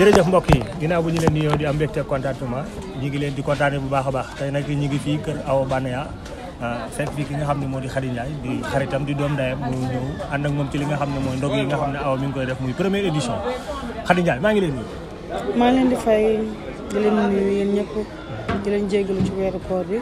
jërëjëf mbokk yi ginnaaw bu ñu leen nuyoo di am mbégte contentement ñu ngi leen di kontaane bu baax a baax tey nag ñu ngi fii kër awo Banaya ah, fekk bi ki nga xam ne moo di Khady Ndiaye di xaritam di doom ndayam mu ñëw ànd ak moom ci li nga xam ne mooy ndog yi nga xam ne Awa mi ngi koy def muy première édition xarit Ndiaye maa ngi leen nuyu maa leen di fay di leen nuyu yéen ñëpp di leen jégalu ci weeru koor bi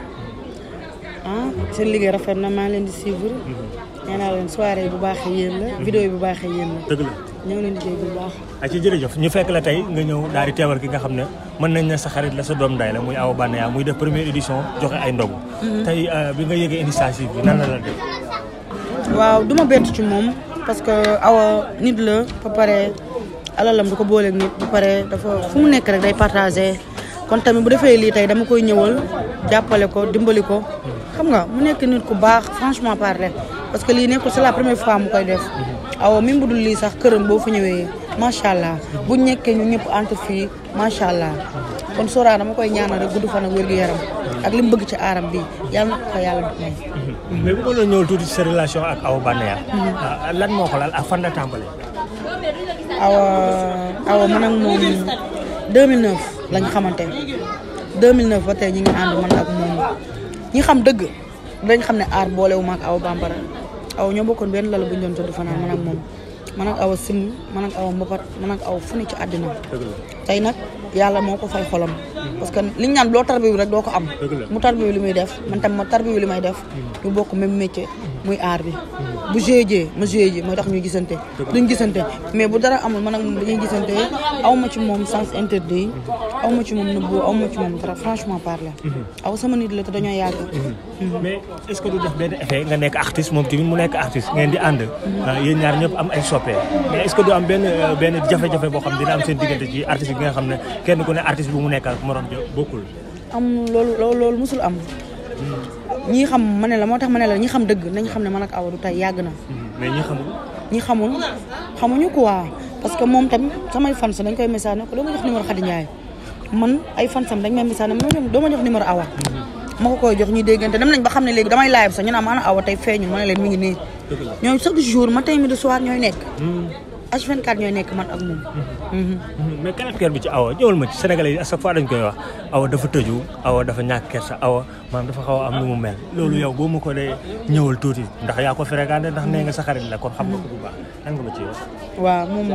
ah seen liggéey rafet na maa leen di suivre nee mhm. naa leen soirée bu baaxee yéen la mhm. vidéo bu baaxee yéen la dëgg la ñoo ngi leen di jégalu bu baax ak ah, ci jërëjëf ñu fekk la tey nga ñëw daal di teewal ki nga xam ne mën nañ ne sa xarit la sa doom day la muy Awa Banaya muy def première édition joxe ay ndogu. Mhm. tey euh, bi nga yëgee initiative bi nan la la waaw du ma bett ci moom parce que aw nit la ba pare alalam du ko booleeg nit ba pare fu mu nekk rek day partagé kon tamit bu defee lii tey dama koy ñëwal jàppale ko dimbali ko. Mhm. xam nga mu nekk nit ku baax franchement parler parce que lii nekkul c'est la première fois mu koy def. Mhm. awa mi budul lii sax këram boo fa ñëwee macha allah bu nekkee ñu ñëpp entre fii macha allah kon Sora dama koy ñaana rek gudd fan ak wér-gu-yaram ak li mu bëgg ci aaram bi yàlla na ko yàlla may. Mhm. mais bu ma la ñëw tuuti sa relation ak Awa Banaya. Ah, lan moo ko laal ak fan la tàmbalee. awa awa man moom lañ xamante 2009 ba tey ñi ngi ànd ak ñi xam dëgg dañ xam ne aar boolewuma ak aw Bambara. aw ñoo bokkoon benn lal bu ñu doon tëdd fanaan man ak moom man ak aw sim man ak aw mbapat man ak aw fu ne ci àddina tey nag yàlla moo ko fay xolam parce que liñ naan loo tarbi bi rek doo ko am mu tarbi bi li muy def man tam ma tarbi li may def mm. ñu bokk même métier mm. muy aar bi mm. bu jeejee ma jeejee mooy tax ñu gisante duñ gisante mais bu dara amul ma ak moom dañuy gisante aw ma ci moom sens interdit aw ma ci moom nëbbu aw ma ci moom dara franchement parler. Mhm. aw sama nit la te dañoo yàgg. Mhm. mais est du def benn effet nga nekk artiste moom tamit mu nekk artiste mhm. ah, euh, boo xam ne kenn ku ne artiste bu mu nekk ak bokkul. am loolu loolu loolu am. ñi xam ma ne la moo tax ma ne la ñi xam dëgg nañ xam ne man ak Awa du tey yàgg na. mais ñi xamul. ñi xamul xamuñu quoi parce que moom tamit samay fans dañ koy message ne ko doo ma jox numéro Khady Ndiaye. man ay fansam dañ may message ma ñoom doo ma jox numéro awa ma ko koy jox ñuy déggante dem nañ ba xam ne léegi damay live sax ñu ne maanaam awa tey feeñul ma ne leen mi ngi nii ñoom chaque jour matin midi soir ñooy nekk hmm. ñooy nekk man ak moom. Hmm. Hmm. mais caractère bi ci awa ñëwal ma ci sénégalais yi à chaque fois dañ koy wax awa dafa tëju awa dafa ñàkk kersa awa maanaam dafa xaw am lu mu mel. loolu yow boo ma ko dee ñëwal tuuti ndax yaa ko fréquenté ndax nee nga sa xarit la kon xam nga ko bu baax lan ma ci wax. waaw moom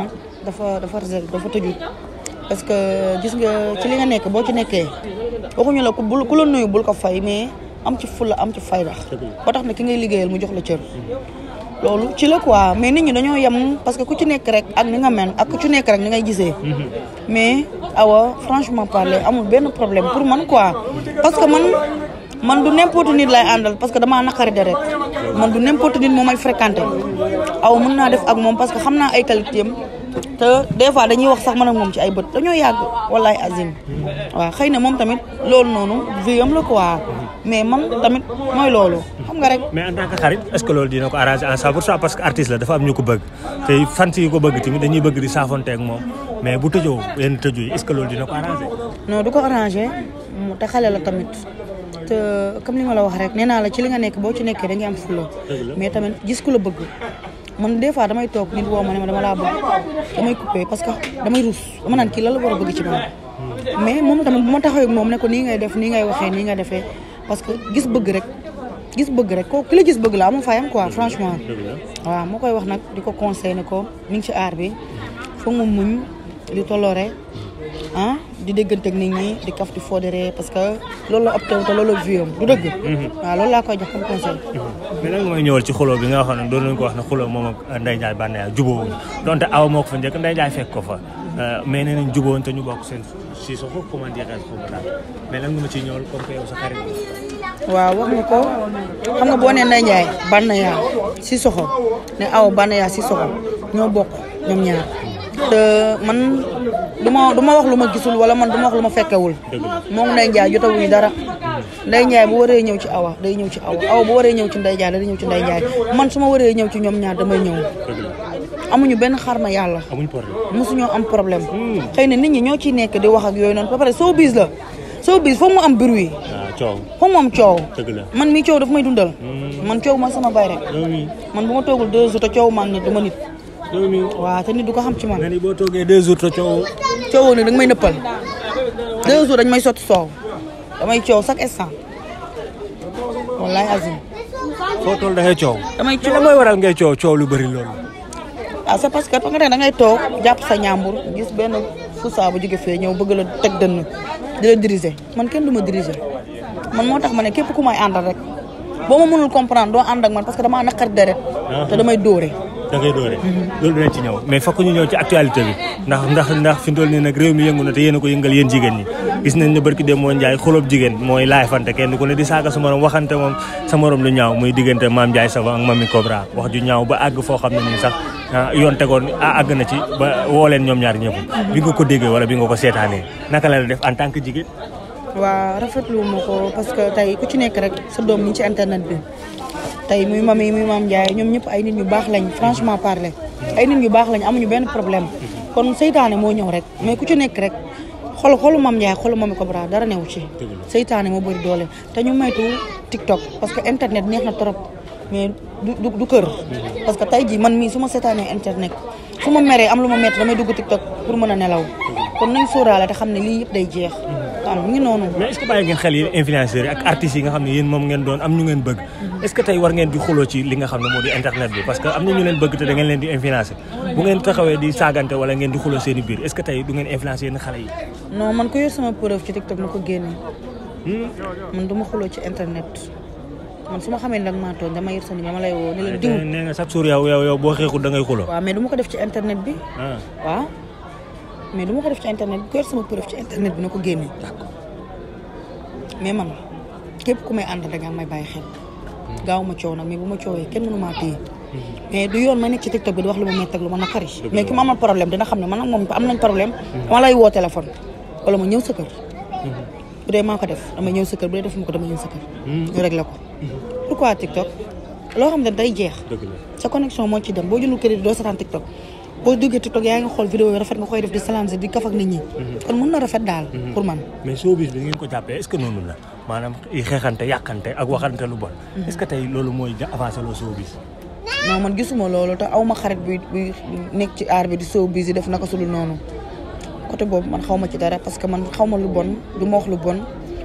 dafa dafa réserve dafa tëju parce que gis nga ci li nga nekk boo ci nekkee waxuñu la ku bul ku la nuyu bul ko fay mais am ci fulla am ci fayda ba tax na ki ngay liggéeyal mu jox la cër loolu ci la quoi mais nit ñi dañoo yem parce que ku ci nekk rek ak ni nga mel ak ku ci nekk rek ni ngay gisee mais awa franchement parler amul benn problème pour man quoi parce que man man du n'importe nit lay àndal parce que damaa naqari de rek man du n'importe nit moo may fréquenté aw mën naa def ak moom parce que xam naa ay qualité te des fois dañuy wax sax man ak moom ci ay bët dañoo yàgg wallaay azim waaw xëy na moom tamit loolu noonu viam la quoi mais man tamit mooy loolu xam nga rek mais en tant que xarit est-ce que loolu dina ko arrangé en 100% parce que artiste la dafa am ñu ko bëgg te fans yi ko bëgg tamit dañuy bëgg di saafonte ak moom mais bu tëjoo yenn tëjoo yi est-ce que loolu dina ko arrangé non du ko arrangé mu te xale la tamit te comme li ma la wax rek nee naa la ci li nga nekk boo ci nekkee da ngay am fulla mais tamit gis ku la bëgg man des fois damay toog nit woo ma ne ma dama laa bëgg damay coupé parce que damay ruus dama naan kii lan la war a bëgg ci man mais moom tamit bu ma taxawee moom ne ko nii ngay def nii ngay waxee nii nga defee parce que gis bëgg rek gis bëgg rek ko ki gis bëgg la amul ko quoi franchement waaw moo koy wax nag di ko conseil ne ko mi ngi ci aar bi foog mu muñ di tolloore ah, di déggante ak ñi di kaf di fodéré parce que loolu la opté loolu la du dëgg. Mhm. waaw loolu laa koy jox comme conseil. Mhm. mais ñëwal ci xuloo bi nga xam ne doon nañu ko wax ko fa njëkk Ndeye Ndiaye fekk ko fa euh, mais nee nañ jubóo te ñu bokk seen si sa xaw ma jeexal xaw ma daal sa xarit waaw wax nga ko xam soxo ne aw Banaya si soxo ñoo bokk ñoom ñaar man du ma ma wax lu ma gisul wala man du ma wax lu ma fekkewul moom Ndeye Ndiaye jotawuñu dara Ndeye Ndiaye bu waree ñëw ci awa day ñëw ci awa awa bu waree ñëw ci Ndeye Ndiaye day ñëw ci Ndeye Ndiaye man su ma waree ñëw ci ñoom ñaar damay ñëw amuñu benn xarma yàlla mosuñoo am problème hmm. xëy na nit ñi ñoo ciy nekk di wax ak yooyu noonu ba pare soo biis la soo biis foog mu am bruit ah, coow foofu moom coow man mii coow daf may dundal hmm. man coow ma sama bay man bu ma toogul deux jours coow maa nit du ma nit waaw te nit du ko xam ci man boo toogee deux jours te coowoo ne danga may neppal deux jours dañ may sotti soow damay ciow sak instant wallahi azim. foo toll dangay coow. damay ciow lan waral ngay ciow ciow lu bëri lool ah c'est parce que pa nga da ngay tok japp sa ñaambur gis ben fusa bu jóge fe ñew bëgg la tek dënn di la diriger man kenn duma diriger man moo tax ma képp ku may andal rek boo ma mënul comprendre do ànd ak man parce que dama nakar deret te damay doré da ngay doore loolu dinañ ci ñëw mais fokk ñu ñëw ci actualité bi ndax ndax ndax fi ndol ni nag réew mi yëngu na te yéen a ko yëngal yéen jigéen ñi gis nañ ne barki dem moo njaay xoloob jigéen mooy laayfante kenn ku ne di saaga sa morom waxante moom sa morom lu ñaaw muy diggante maam njaay sava ak mami cobra wax ju ñaaw ba àgg foo xam ne nii sax ah, yoon tegoon ah, àgg na ci ba woo leen ñoom ñaar ñëpp bi nga ko déggee wala bi nga ko seetaanee naka la def en tant que jigéen waa rafetlu ma ko parce que tey ku ci nekk rek sa doom ci internet bi tey muy mami muy maam Ndiaye ñoom ñëpp ay nit ñu baax lañ franchement parler ay nit ñu baax lañ amuñu benn problème kon seytaane moo ñëw rek mais ku ci nekk rek xol xolu mam Ndiaye ko mami Cobra dara newu ci seytaane moo bëri doole te ñu moytu TikTok parce que internet neex na trop mais du du kër mhm. parce que tey jii man mii su ma seetaanee internet su ma meree am lu ma métti damay dugg TikTok pour mën a nelaw kon nañ sóoraale te xam ne lii yëpp day jeex mhm. am mi ngi noonu. mais est ce que bàyyi ngeen xel yi influenceurs yi ak artistes yi nga xam ne yéen moom ngeen doon am ñu ngeen bëgg. est ce que tey war ngeen di xuloo ci li nga xam ne moo di internet bi parce que am na ñu leen bëgg te da ngeen leen di influencer bu ngeen taxawee di saagante wala ngeen di xuloo seen biir est ce que tey du ngeen influencer yenn xale yi. non man ko yor sama preuve ci TikTok ma ko génne. Hmm? man du ma xuloo ci internet. man su ma xamee nag maa tooñ dama yër sa ma lay woo. ne leen diw nee nga chaque yow yow boo da ngay xuloo. waaw mais du ma ko def ci internet bi. Ah. waaw mais du ma ko def ci internet bi ku yor sama preuve ci internet bi na ko génne mais man képp ku may ànd da nga may bàyyi xel. gaaw ma coow nag mais bu ma coowee kenn mënu maa mhm. mais du yoon ma nekk ci TikTok bi di wax lu ma métti ak lu ma nakari. mais ki ma amal problème dina xam ne man ak moom am nañ problème. Mhm. woo téléphone. wala ma ñëw sa kër. Mhm. bu ko def dama ñëw sa kër bu dee defuma ko dama ñëw sa kër. ñu réglé ko. pourquoi TikTok loo xam ne day jeex. sa connexion moo ci dem boo jëlul crédit doo seetaan TikTok. boo duggee TikTok yaa ngi xool vidéo yi rafet nga koy def di salanse di kaf ak nit ñi. Mhm. kon mën na rafet daal. Mhm. pour man mais showbiz bi ngeen ko jàppee est-ce que noonu la maanaam xeexante yàqante ak waxante lu bon. Mhm. est-ce tey loolu mooy avancé loo showbiz. non man gisuma loolu te aw ma xarit buy buy nekk ci aar bi di showbiz yi def naka su lu noonu côté boobu man xaw ma ci dara parce que man xaw ma lu bon du ma wax lu bon.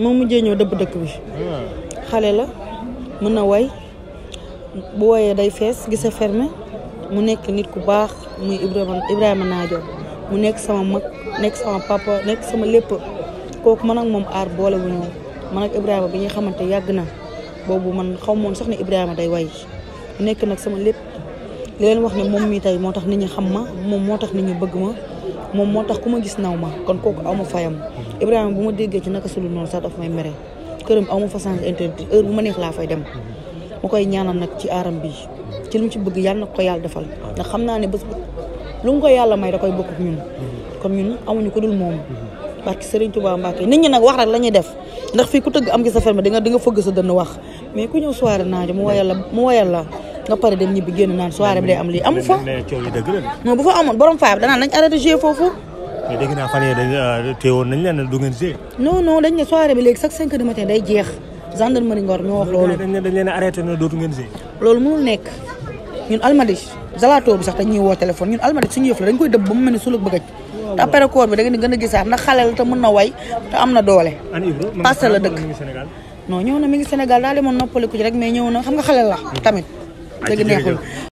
moom mujjee ñëw dëbb dëkk bi xale la mën na way bu woyee day fees gise fermé mu nekk nit ku baax muy Ibrahima Ibrahima mu nekk sama mag nekk sama papa nekk sama lépp kooku man ak moom aar boole wu ñu man ak Ibrahima bi ñuy xamante yàgg na boobu man xaw moon sax ne Ibrahima day way mu nekk nag sama lépp leen wax ne moom mii tey moo tax nit ñi xam ma moom moo tax nit ñi bëgg ma moom moo tax ku ma gis naw ma kon kooku aw ma fayam Ibrahima bu ma déggee ci naka sulu noonu sax daf may mere këram aw ma fa sens interdit heure bu ma neex laa fay dem ma koy ñaanal nag ci aram bi ci lu mu ci bëgg yàlla na ko yàlla defal ndax xam naa ne bés bu lu mu ko yàlla may da koy bokk ñun kon ñun amuñu ko dul moom barke Serigne Touba Mbacké nit ñi nag wax rek la ñuy def ndax fii ku tëgg am gi sa ferme di nga di nga fëgg sa dënn wax mais ku ñëw soirée naajo mu woyal la mu woyal la nga pare dem ñibbi génn naan soirée bi day am lii amu fa. fa amoon nekk ñun almadi zalato bi sax dañuy woo téléphone ñun almadi suñu yëf la dañ koy dëbb ba mu mel ni suluk bëgg te après koor bi da ngeen di gën te mën na way te am na doole. passe dëkk non ñëw na mi ngi Sénégal daal di noppaliku ci rek ñëw na xam nga xale la hmm. tamit dëgg neexul